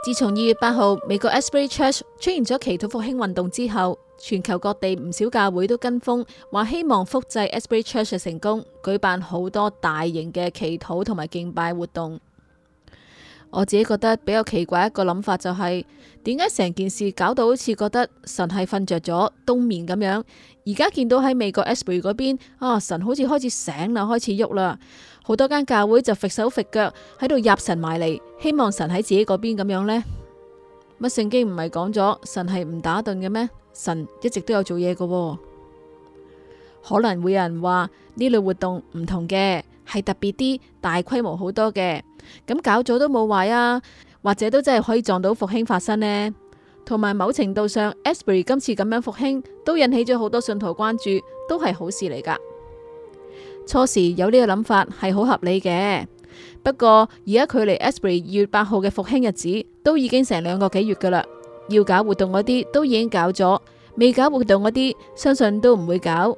自從二月八號美國 Asbury Church 出現咗祈禱復興運動之後，全球各地唔少教會都跟風，話希望複製 Asbury Church 嘅成功，舉辦好多大型嘅祈禱同埋敬拜活動。我自己覺得比較奇怪的一個諗法就係、是，點解成件事搞到好似覺得神係瞓着咗冬眠咁樣？而家見到喺美國 Asbury 嗰邊，啊神好似開始醒啦，開始喐啦，好多間教會就揈手揈腳喺度入神埋嚟，希望神喺自己嗰邊咁樣呢？乜聖經唔係講咗神係唔打盹嘅咩？神一直都有做嘢嘅、哦。可能會有人話呢類活動唔同嘅，係特別啲，大規模好多嘅。咁搞咗都冇壞啊，或者都真係可以撞到復興發生呢？同埋某程度上，Asbury 今次咁樣復興都引起咗好多信徒關注，都係好事嚟噶。初時有呢個諗法係好合理嘅，不過而家距離 Asbury 二月八號嘅復興日子都已經成兩個幾月噶啦，要搞活動嗰啲都已經搞咗，未搞活動嗰啲相信都唔會搞。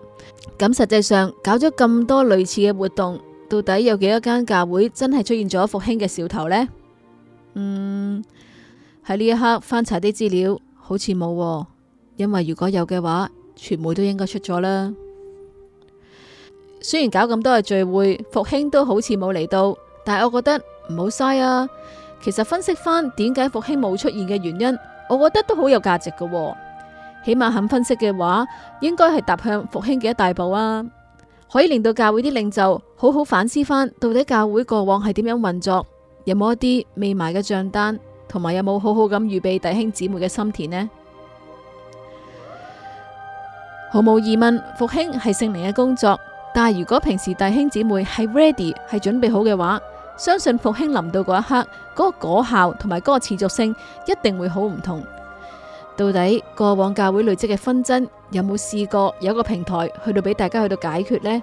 咁實際上搞咗咁多類似嘅活動。到底有幾多間教會真係出現咗復興嘅兆頭呢？嗯，喺呢一刻翻查啲資料，好似冇喎，因為如果有嘅話，傳媒都應該出咗啦。雖然搞咁多嘅聚會，復興都好似冇嚟到，但係我覺得唔好嘥啊。其實分析翻點解復興冇出現嘅原因，我覺得都好有價值噶喎。起碼肯分析嘅話，應該係踏向復興嘅一大步啊！可以令到教會啲領袖好好反思翻，到底教會過往係點樣運作，有冇一啲未埋嘅賬單，同埋有冇好好咁預備弟兄姊妹嘅心田呢？毫無疑問，復興係聖靈嘅工作，但係如果平時弟兄姊妹係 ready，係準備好嘅話，相信復興臨到嗰一刻，嗰個果效同埋嗰個持續性一定會好唔同。到底過往教會累積嘅紛爭，有冇試過有一個平台去到俾大家去到解決呢？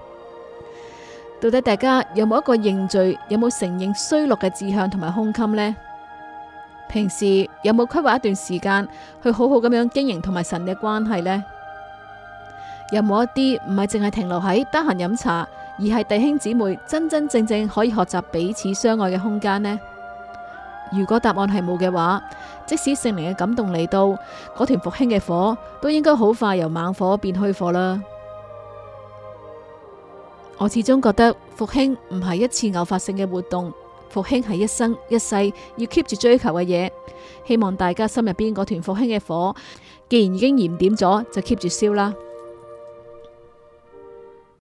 到底大家有冇一個認罪，有冇承認衰落嘅志向同埋胸襟呢？平時有冇規劃一段時間去好好咁樣經營同埋神嘅關係呢？有冇一啲唔係淨係停留喺得閒飲茶，而係弟兄姊妹真真正正可以學習彼此相愛嘅空間呢？如果答案係冇嘅話，即使聖靈嘅感動嚟到，嗰團復興嘅火都應該好快由猛火變虛火啦。我始終覺得復興唔係一次偶發性嘅活動，復興係一生一世要 keep 住追求嘅嘢。希望大家心入邊嗰團復興嘅火，既然已經燃點咗，就 keep 住燒啦。